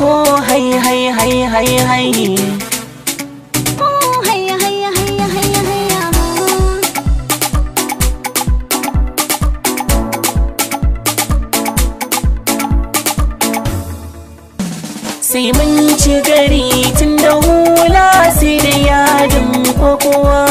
ko hai hai hai hai hai sai mun ci gari tun da hula sai da yadin kokowa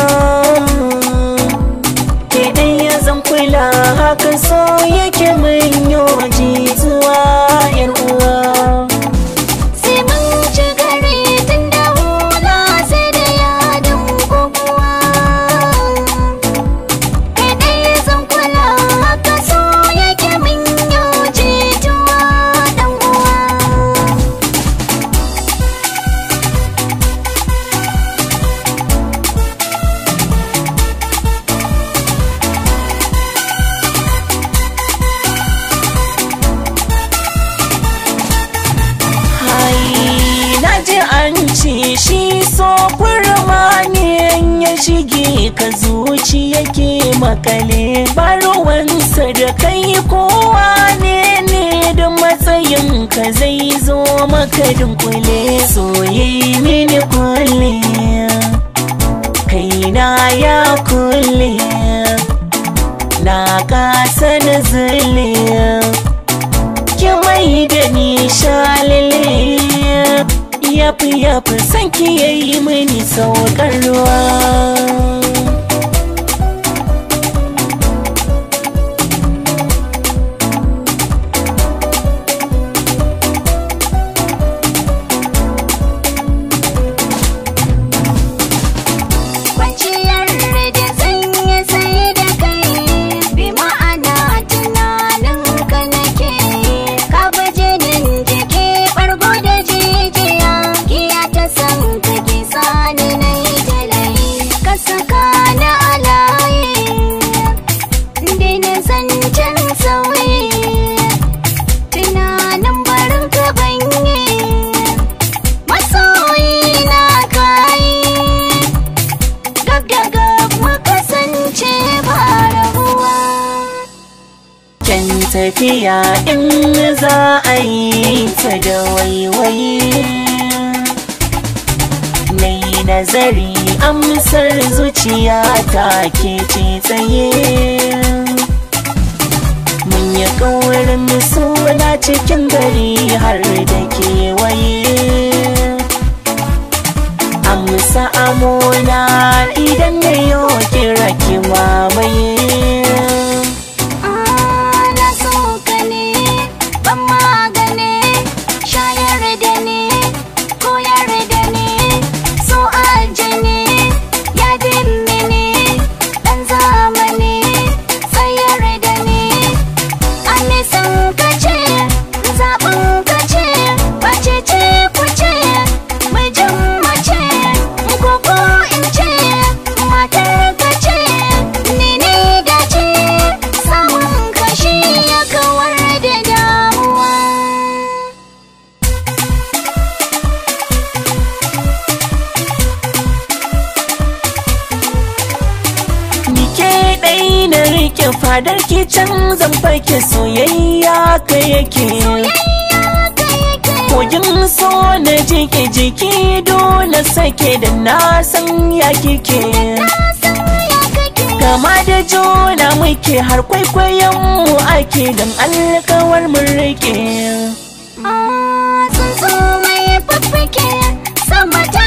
zuci shi so kurma ya shige ka zuci yake makale baruwansa da kai kowa ne ne da matsayin ka zai zo maka dunkule soye mini kulle kaina ya kulle na kasa na zulle ki mai da nishale yafi yafi sanki yayi mini sauƙar ruwa tafiya in za a yi ta da waiwai mai nazari amsar zuciya ta ke ce tsaye mun yi ƙaurin suna cikin gari har da kewaye amsa amona idan ne 点亮你。na rike fadar ki can zan fake soyayya ka yake kogin so na jike jiki do na sake da na san ya kike kama da juna muke har kwaikwayonmu mu ake don alkawar mun rike. Ah, sun so mai faffake, sama